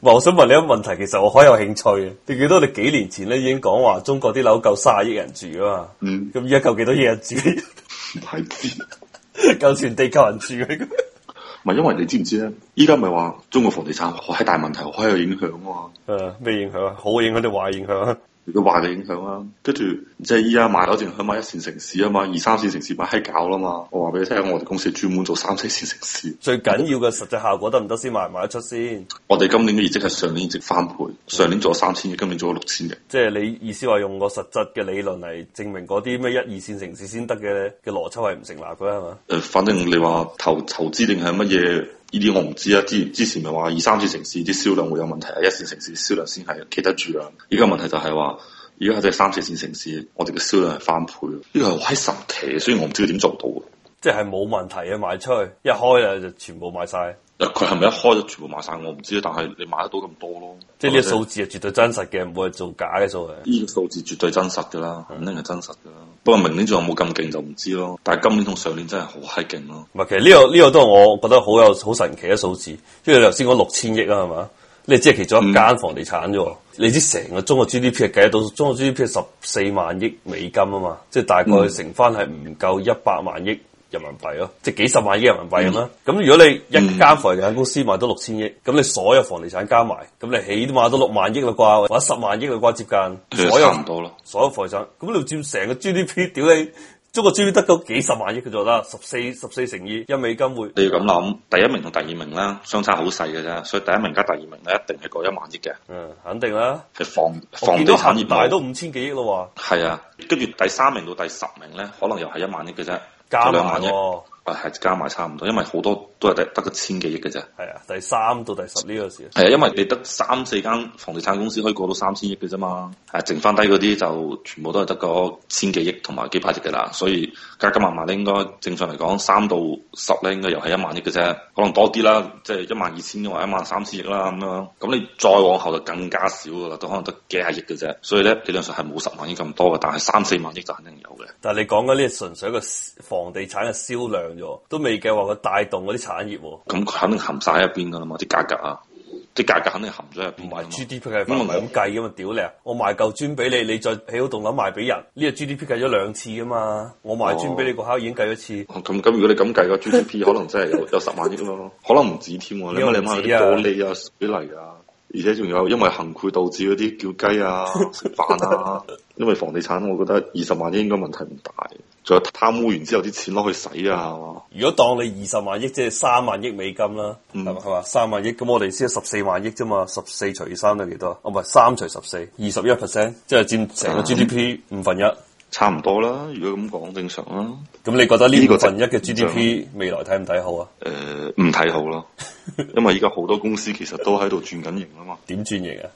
我想問你一個問題，其實我好有興趣嘅。你記得我哋幾年前咧已經講話中國啲樓夠卅億人住㗎嘛，咁而家夠幾多億人住？係 啲夠全地球人住嘅。唔係，因為你知唔知咧？依家咪話中國房地產係大問題，好有影響哇。誒、嗯，咩影響？好影響定壞影響？佢壞嘅影響啦，跟住即係依家買樓淨係買一線城市啊嘛，二三線城市買閪搞啦嘛。我話俾你聽，我哋公司專門做三四線城市。最緊要嘅實際效果得唔得先，賣唔賣得出先。我哋今年嘅業績係上年業績翻倍，上年做三千億，今年做咗六千億。即係你意思話用個實質嘅理論嚟證明嗰啲咩一、二線城市先得嘅嘅邏輯係唔成立嘅係嘛？誒、呃，反正你話投投資定係乜嘢？嗯呢啲我唔知啊，之之前咪話二三線城市啲銷量會有問題，一線城市銷量先係企得住啊。而家問題就係話，而家就係三四線城市，我哋嘅銷量係翻倍，呢個係好閪神奇，所以我唔知佢點做到。即係冇問題嘅，賣出去一開啊就全部賣晒。佢係咪一開就全部賣晒？我唔知，但係你買得到咁多咯。即係啲數字啊，絕對真實嘅，唔會係做假嘅數字。呢個數字絕對真實噶啦，是的 肯定係真實噶啦。不過明年仲有冇咁勁就唔知咯。但係今年同上年真係好閪勁咯。唔係，其實呢、這個呢、這個都係我覺得好有好神奇嘅數字。因為你頭先講六千億啊，係嘛？你即係其中一間房地產啫。嗯、你知成個中國 G D P 計得到，中國 G D P 十四萬億美金啊嘛，即係大概成翻係唔夠一百萬億。人民幣咯，即係幾十萬億人民幣咁啦。咁、嗯、如果你一間房地產公司賣到六千億，咁、嗯、你所有房地產加埋，咁你起碼都六萬億啦啩，或者十萬億啦啩接近，所有唔到咯，所有房地產，咁你佔成個 GDP 屌你。中國終於得到幾十萬億佢做啦，十四十四乘以一美金會。你要咁諗，第一名同第二名啦，相差好細嘅啫，所以第一名加第二名咧，一定係過一萬億嘅。嗯，肯定啦。係房房地產業賣都五千幾億咯喎。係啊，跟住第三名到第十名咧，可能又係一萬億嘅啫，加埋兩萬億。啊係加埋差唔多，因為好多都係得得個千幾億嘅啫。係啊，第三到第十呢個時，係啊，因為你得三四間房地產公司可以過到三千億嘅啫嘛。係，剩翻低嗰啲就全部都係得個千幾億同埋幾百億嘅啦。所以加加埋埋咧，應該正常嚟講，三到十咧應該又係一萬億嘅啫。可能多啲啦，即係一萬二千億或一萬三千億啦咁樣。咁你再往後就更加少噶啦，都可能得幾廿億嘅啫。所以咧，理論上係冇十萬億咁多嘅，但係三四萬億就肯定有嘅。但係你講緊呢係純粹一個房地產嘅銷量。都未計劃佢帶動嗰啲產業，咁佢肯定含晒喺入邊噶啦嘛，啲價格啊，啲價格肯定含咗入邊。唔係 GDP 係咁嚟咁計嘅嘛，屌你啊！我賣嚿磚俾你，你再起好棟樓賣俾人，呢、呢個 GDP 計咗兩次啊嘛！我賣磚俾你個客、哦、已經計咗一次。咁咁、哦、如果你咁計個 GDP，可能真係有有十萬億咯， 可能唔止添。止你買你買啲玻璃啊、水泥啊。而且仲有，因為行賄導致嗰啲叫雞啊、食飯啊， 因為房地產，我覺得二十萬億應該問題唔大。仲有貪污完之後啲錢攞去使啊，係嘛、嗯？吧如果當你二十萬億，即係三萬億美金啦，係嘛、嗯？三萬億咁，我哋先十四萬億啫嘛，十四除以三係幾多？哦、oh，唔係三除十四，二十一 percent，即係佔成個 GDP 五分一、嗯，差唔多啦。如果咁講，正常啦。咁你覺得呢個份一嘅 GDP 未來睇唔睇好啊？誒、呃。睇好啦，因為依家好多公司其實都喺度轉緊型啊嘛。點轉型啊？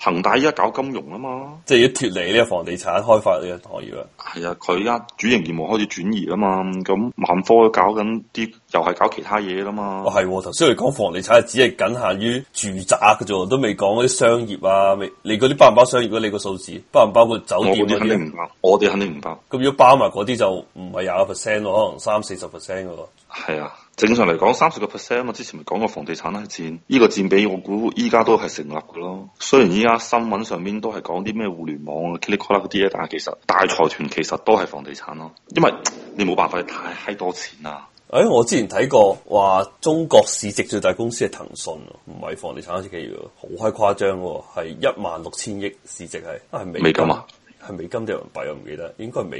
恆大依家搞金融啊嘛，即係要脫離呢個房地產開發呢個台啦。係啊，佢依家主營業務開始轉移啊嘛。咁萬科搞緊啲又係搞其他嘢啦嘛。哦，係，頭先嚟講房地產只係僅限於住宅嘅啫，都未講嗰啲商業啊，未你嗰啲包唔包商業的你的數？你個數字包唔包括酒店？肯定唔包，我哋肯定唔包。咁如果包埋嗰啲就唔係廿 percent 咯，可能三四十 percent 嘅咯。係啊。正常嚟講，三十個 percent 啊，之前咪講過房地產係占，呢、這個占比我估依家都係成立噶咯。雖然依家新聞上面都係講啲咩互聯網啊 click collect 嗰啲咧，但係其實大財團其實都係房地產咯，因為你冇辦法，太、哎、嗨多錢啊。誒、哎，我之前睇過話中國市值最大公司係騰訊，唔係房地產企業，好嗨誇張喎，係一萬六千億市值係，係美金啊，係咪咁啊？係美金定人民幣，我唔記得，應該係美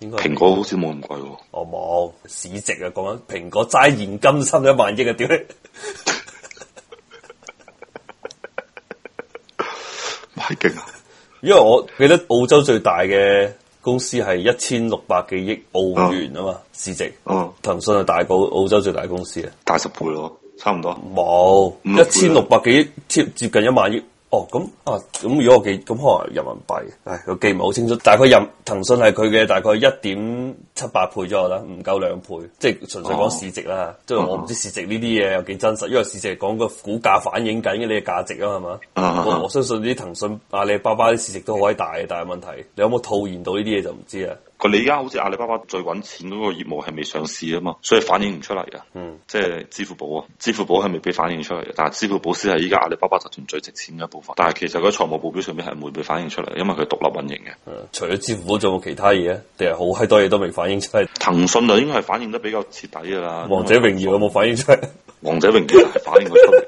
金。蘋果好似冇咁貴喎，哦冇，市值啊講緊蘋果齋現金差一萬億啊，屌！太勁啊！因為我記得澳洲最大嘅公司係一千六百幾億澳元啊嘛，啊市值。嗯、啊，騰訊係大過澳洲最大公司啊，大十倍咯，差唔多。冇一千六百幾億，接接近一萬億。哦，咁、嗯、啊，咁、嗯、如果我記，咁、嗯、可能人民幣，唉，我記唔係好清楚，大概任騰訊係佢嘅大概一點七八倍左右啦，唔夠兩倍，即係純粹講市值啦。即係、哦、我唔知市值呢啲嘢有幾真實，因為市值係講個股價反映緊嘅你嘅價值啊，係嘛？嗯嗯嗯，我相信呢啲騰訊、阿里巴巴啲市值都好鬼大嘅，但係問題你有冇套現到呢啲嘢就唔知啦。佢哋而家好似阿里巴巴最揾錢嗰個業務係未上市啊嘛，所以反映唔出嚟噶。嗯，即係支付寶啊，支付寶係未俾反映出嚟嘅。但係支付寶先係依家阿里巴巴集團最值錢嘅一部分。但係其實佢喺財務報表上面係唔會俾反映出嚟，因為佢獨立運營嘅。除咗支付寶仲有冇其他嘢定係好閪多嘢都未反映出嚟？騰訊啊應該係反映得比較徹底噶啦。王者榮耀有冇反映出嚟？王者榮耀係反映咗出嚟。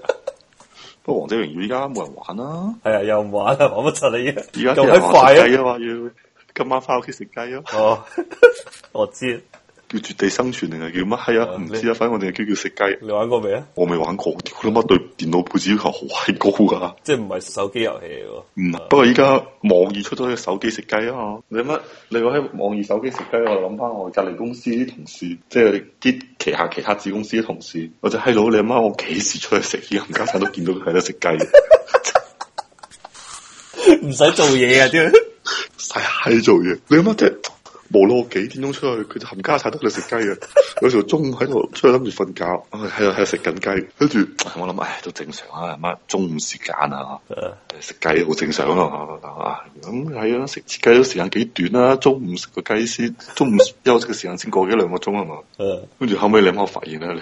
不過 王者榮耀依家冇人玩啦。係啊，哎、又唔玩，玩乜柒嚟嘅？而家咁快啊要。今晚翻屋企食雞咯！哦，我知叫絕地生存定係叫乜？係、哎、啊，唔知啊。你反正我哋叫叫食雞。你玩過未啊？我未玩過。你諗下對電腦配置要求好閪高噶，即係唔係手機遊戲嘅。唔不，啊、不過依家網易出咗隻手機食雞啊嘛。你諗下，你話喺網易手機食雞，我諗翻我隔籬公司啲同事，即係啲旗下其他子公司啲同事，或者閪佬，你媽我幾時出去食雞？唔家陣都見到佢喺度食雞，唔使做嘢啊！啲。係、哎、做嘢，你諗下，即係無論我幾點鐘出去，佢就冚家鏟得喺食雞嘅。有時候中午喺度出去諗住瞓覺，喺度喺度食緊雞。跟住，嗯、我諗，唉，都正常啊。阿媽中午時間啊，食雞好正常咯。咁係啊，食雞都時間幾短啦，啊。中午食個雞先，中午休息嘅時間先過咗兩個鐘係嘛。跟住，嗯、後尾，你阿媽發現啦，你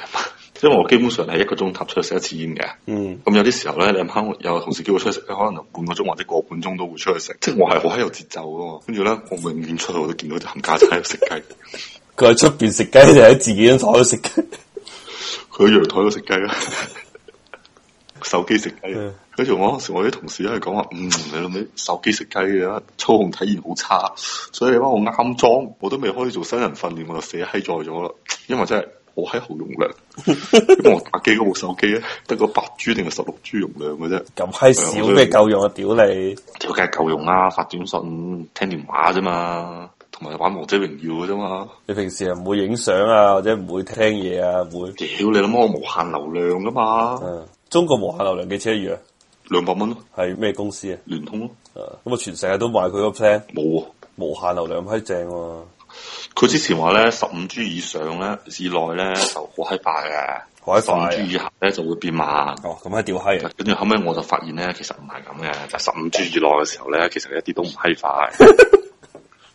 因為我基本上係一個鐘頭出去食一次煙嘅，咁、嗯嗯、有啲時候咧，你啱又有同事叫我出去食，可能半個鐘或者個半鐘都會出去食，即係我係好閪有節奏嘛。跟住咧，我永遠出去我就，我都見到啲冚家鏟喺度食雞，佢喺出邊食雞就喺自己張台度食雞？佢喺陽台度食雞啦， 手機食雞。跟住 我當時我啲同事都係講話，嗯，你諗起手機食雞嘅操控體驗好差，所以你話我啱裝，我都未開始做新人訓練我就死閪咗咗啦，因為真係。我喺容量， 我打機嗰部手機咧得個八 G 定係十六 G 容量嘅啫，咁閪少咩夠用啊！屌你、嗯，條街梗係夠用啊！發短信、聽電話啫嘛、啊，同埋玩王者榮耀嘅啫嘛。你平時又唔會影相啊，或者唔會聽嘢啊？會？屌你諗我無限流量噶嘛、嗯？中國無限流量幾錢一月啊？兩百蚊咯，係咩公司啊？聯通咯。咁啊，嗯、全世界都買佢個 plan 冇啊！無限流量、啊，閪正喎。佢之前話咧十五 G 以上咧以內咧就好閪快嘅，好閪快。十五 G 以下咧就會變慢。哦，咁係屌閪。跟住後尾我就發現咧，其實唔係咁嘅。就係，十五 G 以內嘅時候咧，其實一啲都唔閪快。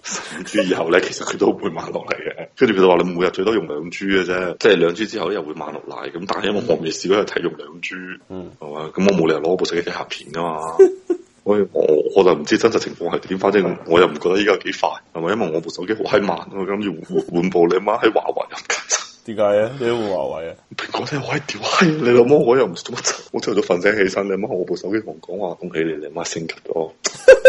十五 G 以後咧，其實佢都會慢落嚟嘅。跟住佢就話你每日最多用兩 G 嘅啫，即係兩 G 之後又會慢落嚟。咁但係因為我未試過睇用兩 G，嗯，係嘛，咁我冇理由攞部手機睇下片噶嘛。我我就唔知真實情況係點，反正我又唔覺得依家幾快，係咪？因為我部手機好閪慢，我諗住換部你媽喺華為入，點解啊？你有冇華為啊？蘋果真係威屌閪，你老母我又唔知做乜我朝早瞓醒起身，你媽我部手機同我講話，我恭喜你你媽升級咗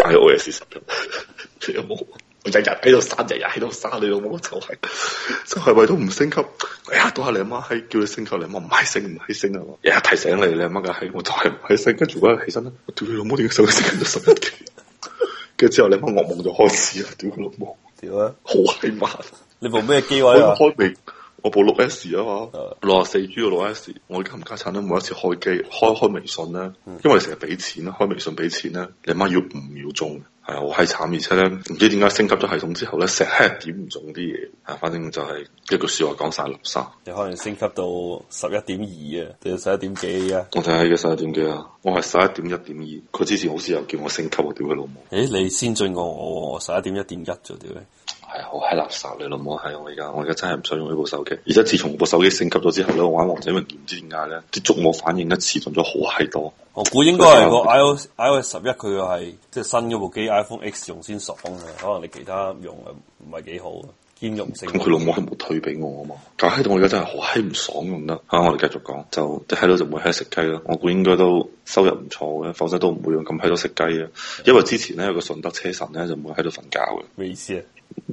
，iOS 十一，你老母。 日日喺度耍，日日喺度耍，你老母就係、是，就係為咗唔升級，哎呀，都係你阿媽閪，叫你升級，你阿媽唔係升唔係升啊，日日提醒你，你阿媽嘅閪，我就係唔係升，跟住嗰日起身咧，屌你老母點解手機升到十一 G，跟住之後你阿媽噩夢就開始啦，屌佢老母，屌麼啊，好閪慢，你報咩機位啊？開我部六 S 啊嘛，六十四 G 嘅六 S，我而家唔加產都每一次開機開開微信啦！因為你成日俾錢啦，開微信俾錢啦！你阿媽要五秒鐘。係啊，我係慘，而且咧唔知點解升級咗系統之後咧，成日點唔中啲嘢。啊，反正就係一句話說話講晒垃圾。你可能升級到十一點二啊，定係十一點幾啊？我睇下十一點幾啊，我係十一點一點二。佢之前好似又叫我升級啊，屌佢老母！誒、欸，你先進過我點1點1、嗯，我十一點一點一做啲咧。係好閪垃圾你老母，係我而家，我而家真係唔想用呢部手機。而且自從部手機升級咗之後咧，我玩王者榮耀唔知點解咧，啲觸摸反應遲鈍咗好閪多。我估應該係個 iOS iOS 十一佢又係即係新嗰部機 iPhone X 用先爽嘅，可能你其他用唔係幾好兼容性。咁佢老母係冇退俾我啊嘛！但係喺度我而家真係好閪唔爽用得啊！我哋繼續講，就即喺度就唔會喺度食雞咯。我估應該都收入唔錯嘅，否則都唔會用咁喺度食雞啊！因為之前咧有個順德車神咧就唔會喺度瞓覺嘅。咩意思啊？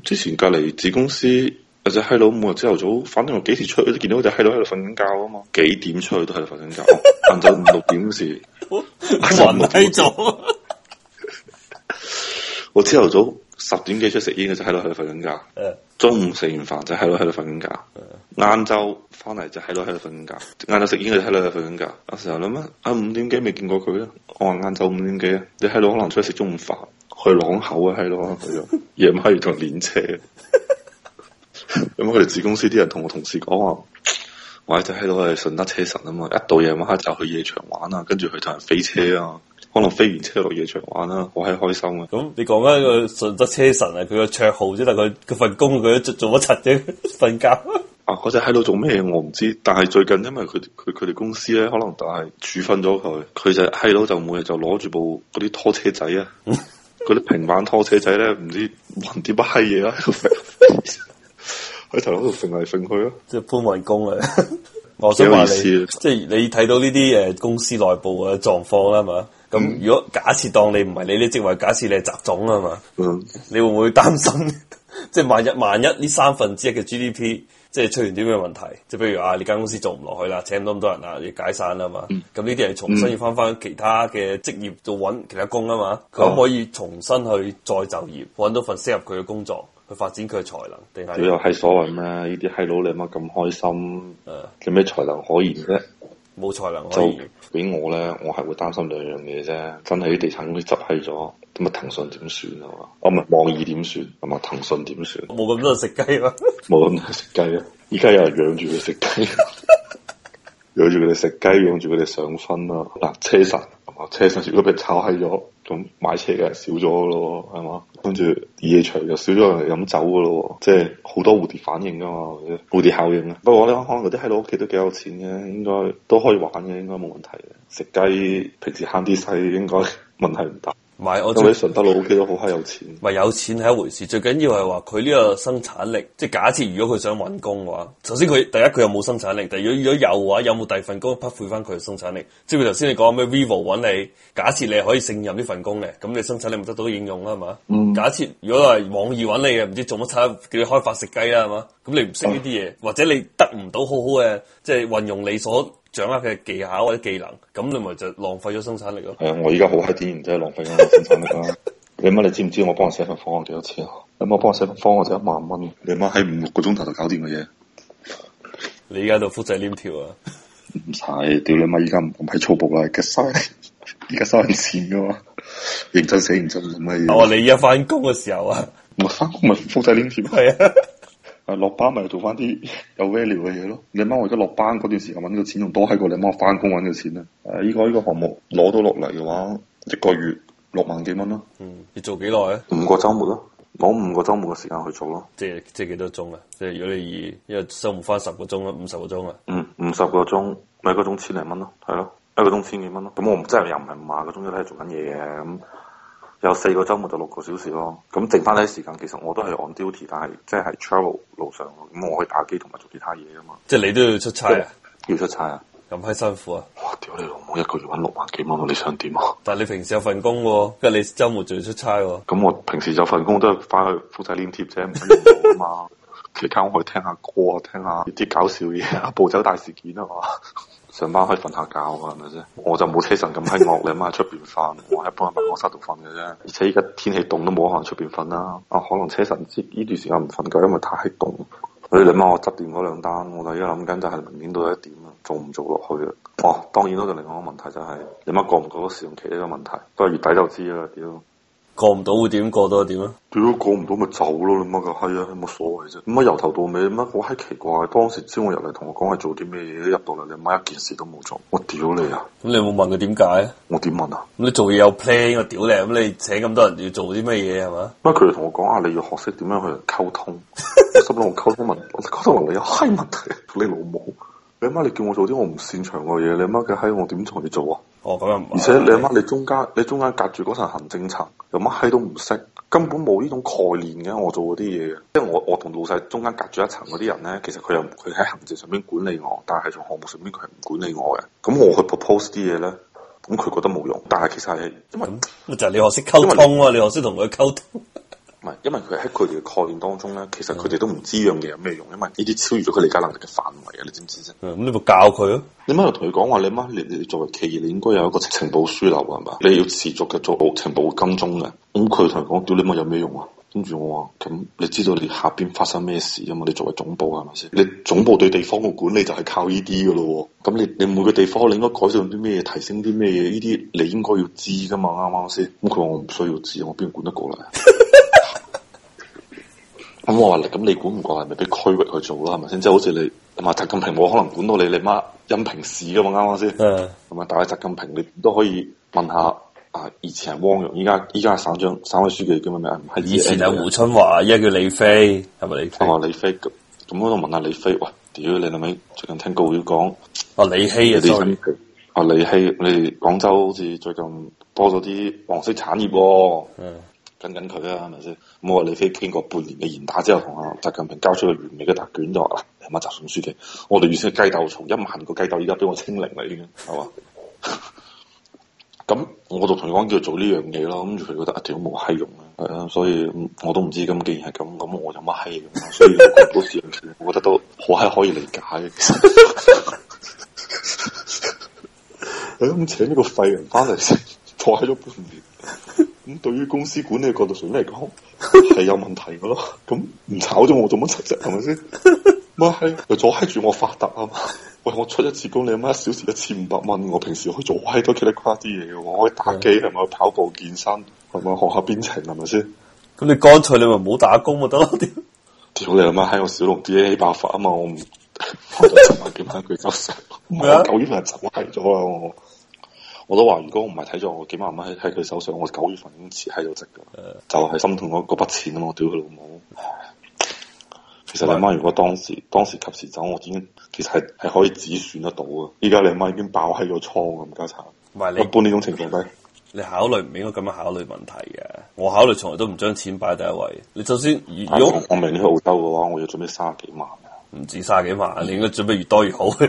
之前隔籬子公司。隻嗨佬每日朝頭早，反正我幾時出去，都見到隻嗨佬喺度瞓緊覺啊嘛。幾點出去都喺度瞓緊覺。晏晝五六點時，還唔喺我朝頭早十點幾出食煙嘅就喺度喺度瞓緊覺。中午食完飯就喺度喺度瞓緊覺。晏晝翻嚟就喺度喺度瞓緊覺。晏晝食煙就喺度喺度瞓緊覺。有時候諗啊，啊五點幾未見過佢啊。我話晏晝五點幾啊，你喺度可能出去食中午飯去朗口啊，喺度。夜晚要同練車。咁佢哋子公司啲人同我同事講話，我一隻喺度係順德車神啊嘛，一到夜晚黑就去夜場玩啊，跟住佢就同人飛車啊，嗯、可能飛完車落夜場玩啦、啊，我係開心啊。咁、嗯嗯、你講緊個順德車神呵呵啊，佢個綽號只係佢份工佢做咗七啫？瞓覺啊！我就喺度做咩嘢，我唔知。但係最近因為佢佢佢哋公司咧，可能就係處分咗佢，佢就喺度就每日就攞住部嗰啲拖車仔啊，嗰啲、嗯、 平板拖車仔咧，唔知運啲乜閪嘢啊。 喺頭度揈嚟揈去咯，即係搬運工啊！ 我想話你，即係你睇到呢啲誒公司內部嘅狀況啦嘛？咁、嗯、如果假設當你唔係你啲職位，假設你係習總啊嘛，嗯、你會唔會擔心？即係萬一萬一呢三分之一嘅 GDP 即係出現啲咩問題？即係譬如，啊，你間公司做唔落去啦，請咁多人啦，你解散啦嘛？咁呢啲人重新要翻翻其他嘅職業做揾、嗯、其他工啊嘛？可唔可以重新去再就業，揾到份適合佢嘅工作？去發展佢嘅才能，定係？佢又係所謂咩？呢啲閪佬你乜咁開心，誒，有咩才能可言啫？冇才能可言，就俾我咧，我係會擔心兩樣嘢啫。真係啲地產公司執閪咗，咁啊騰訊點算啊？嘛，啊咪網易點算？同埋騰訊點算？冇、啊、咁多人食雞嘛？冇咁多人食雞啊！依家 有人養住佢食雞，養住佢哋食雞，養住佢哋上分啊！嗱，車神。啊！車上如果俾炒起咗，咁買車嘅人少咗咯，係嘛？跟住夜場就少咗人飲酒㗎咯，即係好多蝴蝶反應㗎嘛，蝴蝶效應啊！不過咧，可能覺得喺你屋企都幾有錢嘅，應該都可以玩嘅，應該冇問題嘅。食雞平時慳啲使，應該問題唔大。買我咁喺順德佬屋企，佢都好慳有錢。唔係有錢係一回事，最緊要係話佢呢個生產力。即係假設如果佢想搵工嘅話，首先佢第一佢有冇生產力，第二如果有嘅話，有冇第二份工匹配翻佢嘅生產力。即係頭先你講咩 Vivo 搵你，假設你可以勝任呢份工嘅，咁你生產力咪得到應用啦，係嘛？嗯、假設如果係網易搵你嘅，唔知做乜差，叫你開發食雞啦，係嘛？咁你唔識呢啲嘢，嗯、或者你得唔到好好嘅，即係運用你所。掌握嘅技巧或者技能，咁你咪就浪費咗生產力咯。係啊，我而家好閪典型，真係浪費咗生產力啦。 你媽，你知唔知我幫我寫份方案幾多錢啊？你媽我幫我寫份方案就一萬蚊。你媽喺五六個鐘頭就搞掂嘅嘢。你而家做複製黏貼啊？唔使屌你媽！而家唔唔係粗暴啦，而家收人錢噶嘛。認真寫認真咁嘅嘢。我、哦、你而家翻工嘅時候啊，唔翻工咪複製黏貼啊。 誒，落班咪做翻啲有 value 嘅嘢咯。你媽我而家落班嗰段時間揾嘅錢仲多喺過你媽翻工揾嘅錢咧。誒，依個依個項目攞到落嚟嘅話，一個月六萬幾蚊咯。嗯，要做幾耐啊？五個周末咯、啊，攞五個周末嘅時間去做咯、啊。即係即係幾多鐘啊？即係如果你以一日收唔翻十個鐘咯，五十個鐘啊？嗯，五十個鐘，咪一個鐘千零蚊咯，係咯、啊，一個鐘千幾蚊咯。咁我唔即係又唔係五萬個鐘，個都係做緊嘢咁。有四個周末就六個小時咯，咁、嗯、剩翻呢啲時間，其實我都係 on duty，但係即係 travel 路上咯，咁、嗯、我去打機同埋做其他嘢啊嘛。即係你都要出差啊？要出差啊？咁閪辛苦啊！哇屌我屌你老母，一個月搵六萬幾蚊，你想點啊？但係你平時有份工、啊，跟住你周末仲要出差、啊，咁、嗯、我平時有份工都係翻去複製黏貼啫，唔用啊嘛。 其他我可以聽下歌，啊，聽下啲搞笑嘢，啊，暴走大事件啊嘛。 上班可以瞓下覺啊，係咪先？我就冇車神咁閪惡， 你阿媽喺出邊瞓，我一般喺辦公室度瞓嘅啫。而且依家天氣凍都冇可能出邊瞓啦。啊，可能車神依段時間唔瞓覺，因為太凍。你媽我執掂嗰兩單，我依家諗緊就係明年到一點啊，做唔做落去啊？哦，當然嗰個另外一個問題就係、是、你阿媽過唔過得試用期呢個問題，不過月底就知啦。屌！過唔到會點？過到又點啊？屌，過唔到咪走咯，你啊個閪啊，有冇所謂啫？咁啊由頭到尾，乜好閪奇怪？當時招我入嚟同我講係做啲咩嘢，入到嚟你媽一件事都冇做，我屌你啊！咁、嗯、你有冇問佢點解？我點問啊？嗯、你做嘢有 plan，我屌你咁、嗯、你請咁多人要做啲咩嘢係嘛？乜佢同我講啊，你要學識點樣去溝通，十六溝通問溝通問你有閪問，問題，你老母。你媽，你叫我做啲我唔擅長嘅嘢，你媽嘅閪，我點同你做啊？哦，咁又唔。而且你媽，你中間你中間隔住嗰層行政層，又乜閪都唔識，根本冇呢種概念嘅。我做嗰啲嘢嘅，即係我我同老細中間隔住一層嗰啲人咧，其實佢又佢喺行政上面管理我，但係從項目上面佢係唔管理我嘅。咁我去 propose 啲嘢咧，咁佢覺得冇用，但係其實係，因為就係你學識溝通啊，你學識同佢溝通。因為佢喺佢哋嘅概念當中咧，其實佢哋都唔知樣嘢有咩用。因為呢啲超越咗佢理解能力嘅範圍啊！你知唔知啫？咁、嗯、你咪教佢咯。你咪同佢講話，你媽，你你作為企業，你應該有一個情報樞流，係嘛？你要持續嘅做情報跟蹤嘅。咁佢同佢講，屌你媽有咩用啊？跟住我話咁，你知道你下邊發生咩事啊？嘛，你作為總部係咪先？你總部對地方嘅管理就係靠呢啲噶咯。咁你你每個地方你應該改善啲咩，嘢，提升啲咩嘢？呢啲你應該要知噶嘛？啱啱先？咁佢話我唔需要知，我邊管得過嚟？ 咁、嗯、我話，咁你管唔過係咪俾區域去做啦？係咪先？即係好似你，阿習近平冇可能管到你，你媽任平市噶嘛，啱啱先？咁啊的，但係習近平你都可以問下，啊，以前係汪洋，依家依家係省長、省委書記叫咩名？係以前係胡春華，依家叫李飛，係咪李飛？啊，李飛咁，咁我都問下李飛，喂，屌你老味，最近聽告會講，啊，李希，李希啊，收以啊，李希，你哋廣州好似最近多咗啲黃色產業、啊。嗯。跟緊佢啊，係咪先？咁我李飛經過半年嘅嚴打之後，同阿習近平交出個完美嘅答卷就話啦。係、啊、咪習總書記？我哋原先雞豆從一萬個雞豆，而家俾我清零啦，已經係嘛？咁 我就同你講叫做做呢樣嘢咯。跟住佢覺得啊，點解冇閪用啊？係啊，所以我都唔知。咁既然係咁，咁我有乜閪用啊？所以好 我覺得都好閪可以理解嘅。咁、 哎、請呢個廢人翻嚟坐喺咗半年。 咁、嗯、對於公司管理角度上嚟講，係有問題嘅咯。咁、嗯、唔炒咗我做乜七啫？係咪先？唔係， 又阻嗨住我發達啊！喂，我出一次工，你阿媽一小時一千五百蚊。我平時可以做好多其他啲嘢嘅，我可以打機係咪？跑步健身係咪？學下編程係咪先？咁 你乾脆你咪唔好打工咪得咯？屌你阿媽喺我小龍 D A 爆發啊嘛！我唔，我十萬幾萬佢走神，我究竟係走嗨咗啊我。我都話如果唔係睇咗我幾萬蚊喺喺佢手上，我九月份已經蝕喺度值噶，uh，就係心痛嗰嗰筆錢啊！我屌佢老母，其實你阿媽如果當時是當時及時走，我已經其實係係可以止損得到啊。依家你阿媽已經爆喺個倉咁鬼慘。唔係，你。一般呢種情況底，你考慮唔應該咁樣考慮問題嘅。我考慮從來都唔將錢擺喺第一位。你就算如果、啊、我明年去澳洲嘅話，我要準備卅幾萬啊，唔止卅幾萬，你應該準備越多越好。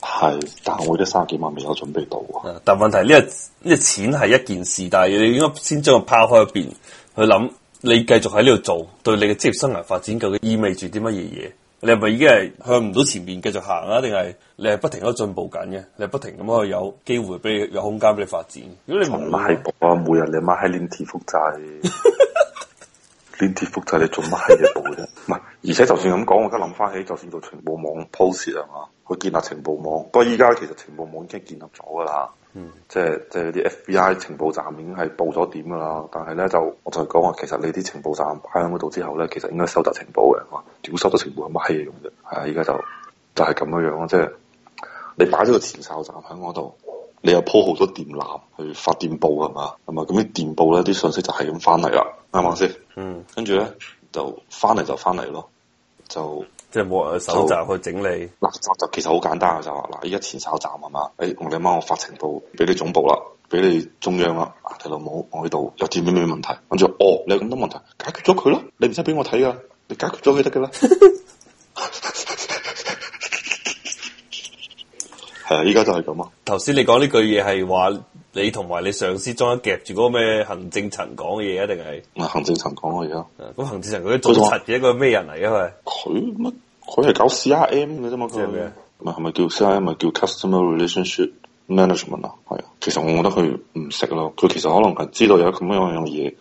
係，但係我啲三十幾萬未有準備到啊！但係問題呢？呢、這個這個、錢係一件事，但係你應該先將佢拋開一邊去諗，你繼續喺呢度做，對你嘅職業生涯發展究竟意味住啲乜嘢嘢？你係咪已經係向唔到前面繼續行啊？定係你係不停喺度進步緊嘅？你係不停咁去有機會俾你有空間俾你發展？如果你唔係，每人你買喺呢啲田複雜。邊啲複製，你做乜嘢報啫？唔係，而且就算咁講，我而家諗翻起，就算做情報網鋪設啊嘛，去建立情報網。不過依家其實情報網已經建立咗噶啦，嗯，即係即係啲 FBI 情報站已經係布咗點噶啦。但係咧就，我就講話，其實你啲情報站擺喺嗰度之後咧，其實應該收集情報嘅，哇！點收集情報有乜嘢用啫？係啊，依家就就係咁樣樣咯，即係你擺咗個前哨站喺嗰度，你又鋪好多電纜去發電報啊嘛，係嘛？咁啲電報咧，啲信息就係咁翻嚟啦。係啱先？嗯，跟住咧就翻嚟就翻嚟咯，就即係冇人去搜集，去整理。嗱，搜集其實好簡單嘅，就話嗱，依家前搜集嘛，誒、哎，我哋啱媽我發情報俾你總部啦，俾你中央啦，阿、啊、條老母我呢度有啲咩咩問題，跟住哦，你咁多問題解決咗佢咯，你唔使俾我睇噶，你解決咗佢得噶啦。係啊， 依家就係咁啊。頭先你講呢句嘢係話。你同埋你上司裝一夾住嗰個咩行政層講嘅嘢，一定係啊行政層講嘅而家，咁、那個、行政層佢做乜嘢？一個咩人嚟啊？佢乜？佢係搞 C R M 嘅啫嘛。係係叫咩？咪係咪叫 C R M 咪叫 Customer Relationship Management 啊？係啊。其實我覺得佢唔識咯。佢其實可能係知道有咁樣樣嘢，嗯、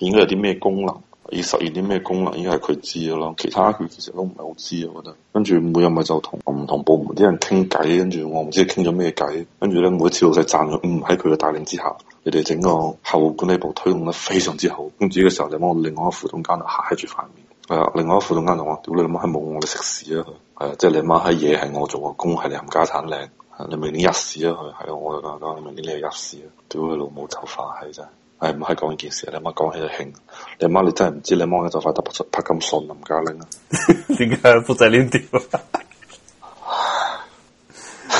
應該有啲咩功能。實現啲咩功能，應該係佢知嘅咯，其他佢其實都唔係好知啊，我覺得。跟住每日咪就同唔同部門啲人傾偈，跟住我唔知傾咗咩偈。跟住咧，每一次老細讚咗，唔喺佢嘅帶領之下，你哋整個後管理部推動得非常之好。跟住呢個時候就幫我另外一個副總監喺住塊面。係啊，另外一個副總監就話：屌你媽閪冇我哋食屎啊！佢、啊，即係你媽閪嘢係我做，工係你冚家產靚、啊，你明年入屎啊！佢，係我阿家，你明年你要入屎啊！屌你老母就化閪真。係唔係講一件事？你媽講起就興，你媽你真係唔知，你媽嘅就快得柏金遜林嘉玲啊？點解負債呢條？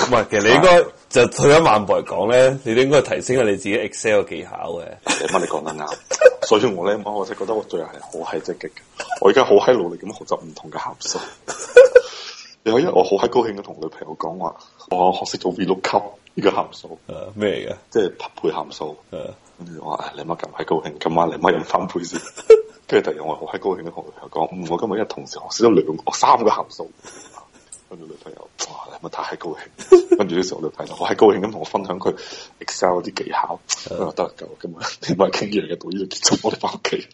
唔係，其實你應該就退一萬步嚟講咧，你都應該提升下你自己 Excel 技巧嘅。你媽你講得啱，所以我咧，我就覺得我最近係好係積極嘅，我而家好喺努力咁學習唔同嘅函數。你好，因為我好喺高興嘅同女朋友講話，我學識咗 VLOOKUP 呢個函數，誒咩嚟嘅？即係匹配函數，誒。 跟住我話、哎、你媽咁閪高興，今晚你媽飲翻杯先。跟住第二日我好閪高興咧，同佢講，我今日因為同事學識咗兩三個函數。跟 住女朋友哇，你媽太閪高興。跟住呢時候，女朋友好閪高興咁同我分享佢 Excel 啲技巧。得啦、 嗯，夠今日你媽傾完嘅到呢度結束，我哋翻屋企。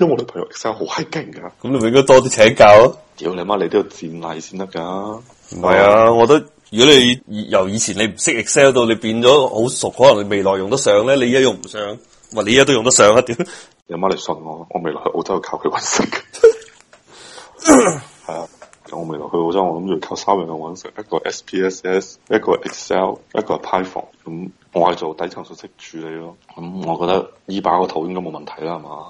因為我女朋友 Excel 好閪勁噶，咁 你咪應該多啲請教咯。屌你媽嚟都要戰例先得噶。唔係啊，嗯、我都。如果你由以前你唔識 Excel 到你變咗好熟，可能你未來用得上咧，你而家用唔上，唔係你而家都用得上啊？點有乜你信我？我未來去澳洲靠佢搵食係啊， uh, 我未來去澳洲我諗住靠三樣嘢搵食，一個 SPSS，一個 Excel，一個 Python，咁、嗯、我係做底層數據處理咯。咁、嗯、我覺得依把個肚應該冇問題啦，係嘛？